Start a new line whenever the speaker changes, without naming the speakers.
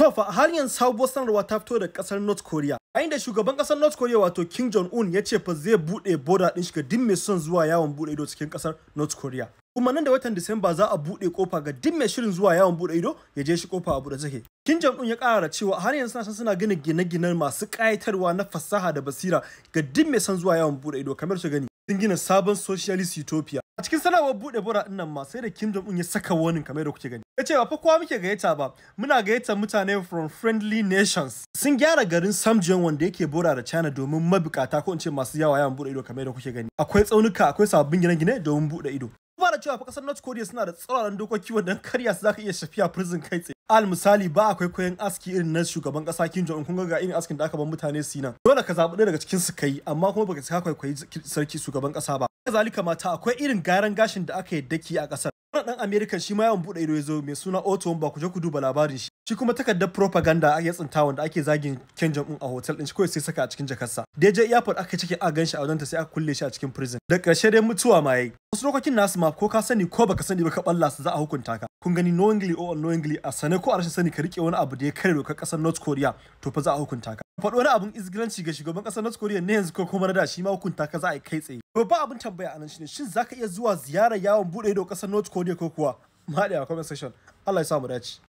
To fa har yanzu sabuwar sanarwa ta fito da kasar North Korea. A inda shugaban kasar North Korea wato Kim Jong Un ya ce fa zai bude boda din shiga din mai son zuwa yawon bude ido cikin kasar North Korea. Kuma nan da watan Disamba za a bude kofa ga din mai shirin zuwa yawon bude ido ya je shi kofa a bude zake. Kim Jong Un ya kara cewa har yanzu suna suna gina gine-ginen masu kayatarwa na fasaha da basira ga din mai son zuwa yawon bude ido kamar su gani. Sun gina sabon socialist utopia A cikin sanarwar buɗe bura ɗin nan ma sai da Kim Jong Un ya saka warning kamar da kuke gani. Ya ce ba fa kowa muke gayyata ba, muna gayyata mutane from friendly nations. Sun gyara garin Samjiyon wanda yake bora da China domin mabukata ko in ce masu yawa yawan buɗe ido kamar da kuke gani. Akwai tsaunuka, akwai sababbin gine-gine domin buɗe ido. Kuma da cewa fa kasar North Korea suna da tsauraran dokoki wanda karya su zaka iya shafiya prison kai tsaye. al misali ba akwai koyon aski irin na shugaban kasa Kim Jong Un kun ga irin askin da aka bar mutane su dole ka zabi daga cikin su kai amma kuma baka saka kwaikwayi sarki shugaban kasa ba kazalika mata akwai irin gyaran gashin da aka yi daki a kasar wani dan amerika shi ma yawan bude ido ya zo mai suna otto ba ku je ku duba labarin shi shi kuma takardar propaganda ya tsinta wanda ake zagin ken jong a hotel din shi kawai sai saka a cikin jakarsa da ya je airport aka cike a ganshi a wajenta sai aka kulle shi a cikin prison da karshe dai mutuwa ma yayi wasu lokacin nasu ma ko ka sani ko baka sani ba ka balla su za a hukunta ka kun gani knowingly or unknowingly a sane ko a rashin sani ka rike wani abu da ya kare dokar kasar North Korea to fa za a hukunta ka faɗo wani abin izgilanci ga shugaban kasar North Korea ne yanzu ko kuma na da shi ma hukunta ka za a yi kai tsaye to ba abin tambaya anan shine shin zaka iya zuwa ziyara yawon bude ido kasar North Korea ko kuwa ma da comment section Allah ya sa mu dace